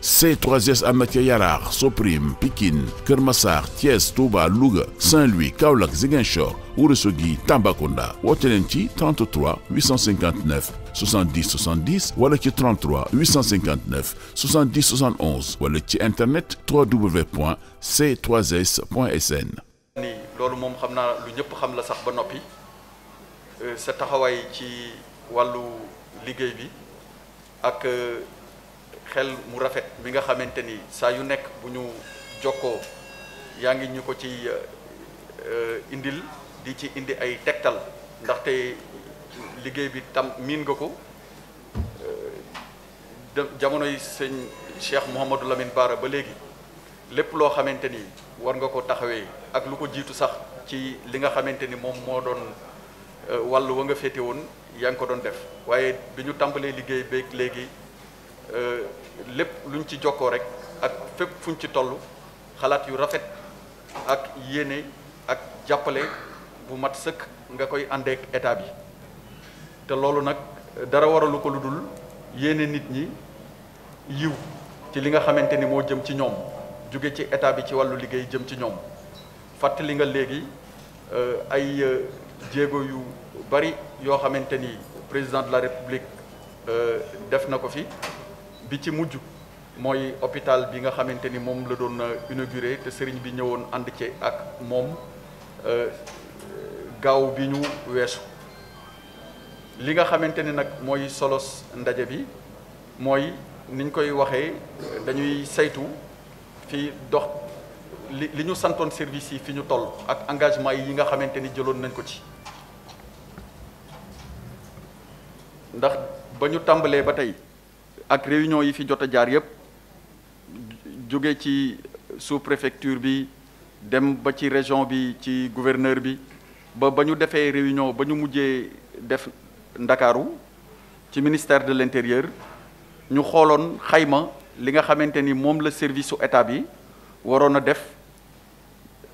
C3S am na ca Yaraax Soprim Pikine Kër Massar Thiès Touba Louga Saint-Louis Kaolack Ziguinchor Ourossogui Tambacounda woote leen ci 33 859 70 70 wala ci 33 859 70 71 wala ci internet www.c3s.sn. ni loolu moom xam naa lu ñëpp xam la sax ba noppi euh, sa taxawaay ci wàllu liggéey bi ak. Euh, xel mu rafet bi nga xamante ni saa yu nekk bu ñu jokkoo yaa ngi ñu ko ci euh, euh, indil di ci indi ay tegtal ndaxte liggéey bi tam miin nga ko euh, jamonoy sëñ Cheikh Mouhamadou Lamine Bara ba léegi lépp loo xamante ni war nga ko taxawee ak lu ko jiitu sax ci li nga xamante ni moom moo doon wàll wa nga féete woon yaa ngi ko doon def waaye bi ñu tàmbalee liggéey beeg léegi Euh, lépp luñ ci jokkoo rek ak fépp fuñ ci toll xalaat yu rafet ak yéene ak jàppale bu mat sëkk nga koy àndeek état bi te loolu nag dara waralu ko lu dul yéene nit ñi yiw ci li nga xamante ni moo jëm ci ñoom jóge ci état bi ci wàllu liggéey jëm ci ñoom fàttali nga léegi euh, ay euh, jéego yu bari yoo xamante ni président de la république def na ko fi bi ci mujj mooy hôpital bi nga xamante ni moom la doon euh, inauguré te sëriñ bi ñëwoon ànd ci ak moom euh, gaaw bi ñu weesu li nga xamante ni nag mooy solos ndaje bi mooy niñ koy waxee euh, dañuy saytu fi dox li li ñu santoon service yi fi ñu toll ak engagement yi nga xamante ni jëloon nañ ko ci ndax ba ñu tàmbalee ba tey ak réunion yi fi jot a jaar yëpp jóge ci sous-préfecture bi dem ba ci région bi ci gouverneur bi ba ba ñu defee réunion ba ñu mujjee def ndakaaru ci ministère de l'intérieur ñu xooloon xayma li nga xamante ni moom la service su état bi waroon a def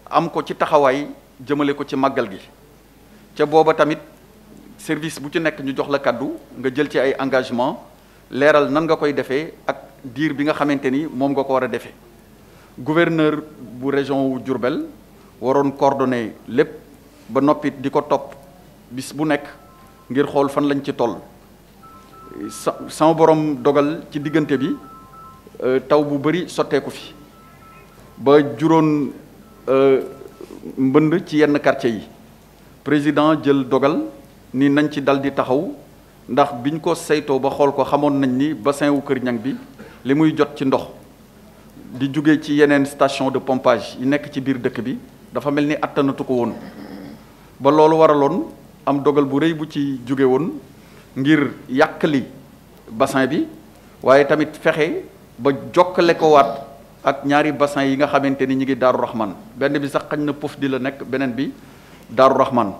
am ko ci taxawaay jëmale ko ci màggal gi ca booba tamit service bu ci nekk ñu jox la kàddu nga jël ci ay engagement leeral nan nga koy defee ak diir bi nga xamante ni moom nga ko war a defee gouverneur bu région wu Diourbel waroon coordonné lépp ba noppit di ko topp bis bu nekk ngir xool fan lañ ci toll sa sama borom dogal ci diggante bi euh, taw bu bëri sotteeku fi ba juróon euh, mbënd ci yenn quartier yi président jël dogal ni nañ ci dal di taxaw ndax biñ ko saytoo ba xool ko xamoon nañ ni bassin wu Kër Ñang bi li muy jot ci ndox di jóge ci yeneen station de pompage yi nekk ci biir dëkk bi dafa mel ni àttanatu ko woon ba loolu waraloon am dogal bu rëy bu ci jóge woon ngir yàqali bassin bi waaye tamit fexe ba jokkale ko waat ak ñaari bassin yi nga xamante ni ñu ngi Daaru Rahman benn bi sax xañ na di la nekk beneen bi Daaru Rahman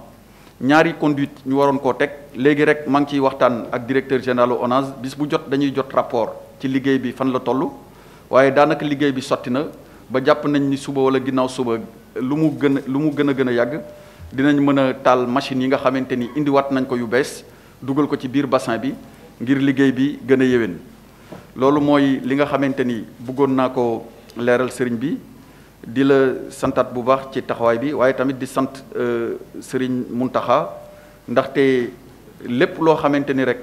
ñaari conduite ñu waroon koo teg léegi rek maa ngi ciy waxtaan ak directeur général ONAS bis bu jot dañuy jot rapport ci liggéey bi fan la toll waaye daanaka liggéey bi sotti na ba jàpp nañ ni suba wala ginnaaw suba lu mu gën a lu mu gën a gën a yàgg dinañ mën a taal machine yi nga xamante ni indiwaat nañ ko yu bees dugal ko ci biir bassin bi ngir liggéey bi gën a yéwén loolu mooy li nga xamante ni bëggoon naa ko leeral sëriñ bi di la santaat bu baax ci taxawaay bi waaye tamit di sant sëriñ euh, Serigne Mountakha ndaxte lépp loo xamante ni rek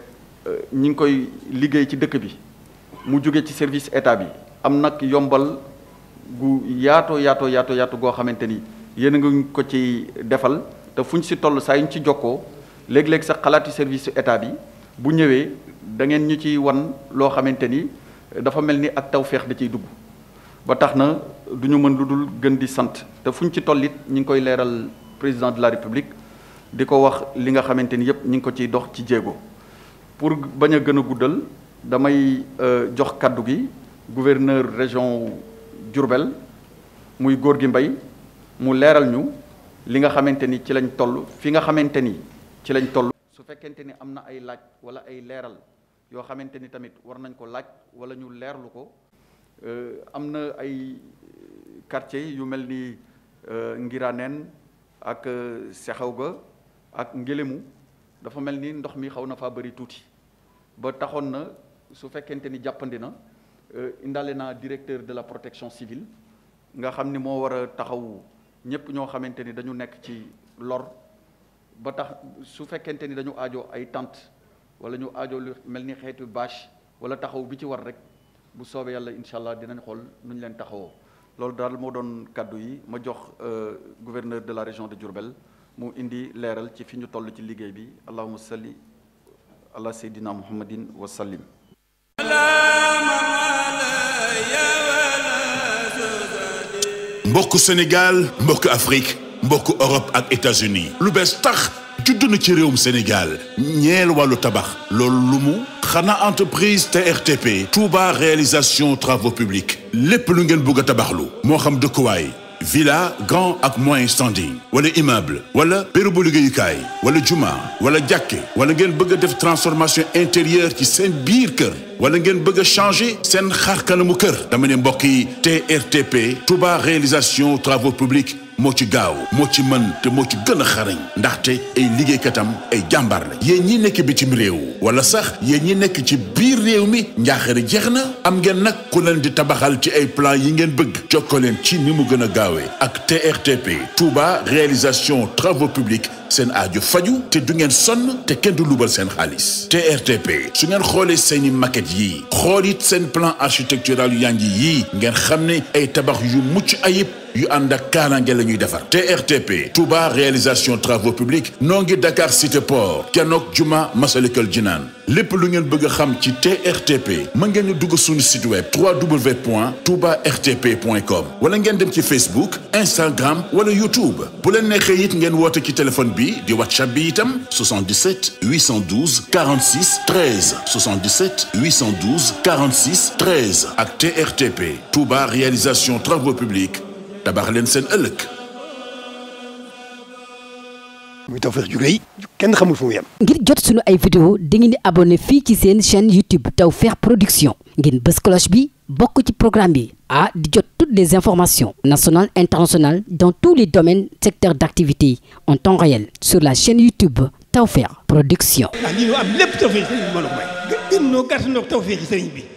euh, ñi ngi koy liggéey ci dëkk bi mu jóge ci service état bi am nag yombal gu yaato yaato yaato yaatu goo xamante ni yéen a ngi ko ci defal te fu ñu si toll saa yu ñu ci jokkoo léeg-léeg sax xalaati service état bi bu ñëwee da ngeen ñu ci wan loo xamante ni dafa mel ni ak taw feex da ciy dugg. ba tax na duñu mën lu dul gën di sant te fu ñu ci it ñu ngi koy leeral président de la république di ko wax li nga xamante ni yëpp ñu ngi ko ciy dox ci jéego pour bañ a gën a guddal damay euh, jox kàddu gi gouverneur région Diourbel muy góor gi mbay mu leeral ñu li nga xamante ni ci lañ toll fi nga xamante ni ci lañ toll su fekkente ni am na ay laaj wala ay leeral yoo xamante ni tamit war nañ ko laaj wala ñu leerlu ko Euh, am na ay euh, quartier yu mel ni euh, Ngiraneen ak ga ak Ngélému dafa mel ni ndox mi xaw na faa bëri tuuti ba taxoon na su fekkente ni jàppandi na indaale naa directeur de la protection civile nga xam ni moo war a taxaw ñëpp ñoo xamante ni dañu nekk ci lor ba tax su fekkente ni dañu aajo ay tente wala ñu aajo lu mel ni xeetu bâche wala taxaw bi ci war rek. bu soobee yàlla incha allah dinañ xool nu ñu leen taxawoo loolu daal moo doon kàddu yi ma jox euh, gouverneur de la région de Diourbel mu indi leeral ci fi ñu toll ci liggéey bi allahumma salli ala sayyidina muhammadin wa sallim mbokk Sénégal mbokk Afrique mbokk Europe ak États-Unis lu bees tax judd na ci réewum Sénégal ñeel wàllu tabax loolu lu mu xanaa entreprise TRTP Touba réalisation travaux publics lépp lu ngeen bëgg a tabaxlu moo xam dëkkuwaay villa grand ak moyen standing wala immeuble wala bérébu liggéeyukaay wala juma wala jàkke wala ngeen bëgg a def transformation intérieure ci seen biir kër wala ngeen bëgg changé changer seen xarkanamu kër dama ne mbokk yi TRTP Touba réalisation travaux publics moo ci gaaw moo ci mën te moo ci gën a xarañ ndaxte ay liggéeykatam ay jàmbaar yeen ñi nekk bitim réew wala sax yéen ñi nekk ci biir réew mi njaaxare jeex na am ngeen nag ku leen di tabaxal ci ay plan yi ngeen bëgg jokkoo leen ci ni mu gën a gaawee ak TRTP Touba réalisation travaux publics seen aaju faju te du ngeen sonn te kenn du lubal seen xaalis TRTP su ngeen xoolee seeni maquette yi xool it seen plan architectural yu yaa ngi yii ngeen xam ne ay tabax yu mucc ayib yu ànd ak kaaraange la ñuy defar TRTP Touba réalisation travaux publics noo ngi Dakar cité port kenook juma Masalikul Jinaan lépp lu ngeen bëgg a xam ci TRTP mën ngeen ñu dugg suñu site web www.toubartp.com wala ngeen dem ci Facebook Instagram wala YouTube bu leen neexee it ngeen woote ci téléphone bi di WhatsApp bi itam 77 812 46 13 77 812 46 13 ak TRTP Touba réalisation travaux publics tabax leen seen ëllëg. muy Tawfekh ju kenn xamul fu mu ngir jot sunu ay vidéo dangeen di abonné fii ci seen chaîne YouTube Tawfekh Production ngeen bës cloche bi bokk ci programme bi ah di jot toutes des informations national internationales dans tous les domaines secteurs d'activité en temps réel sur la chaîne YouTube Tawfekh Production. ah lii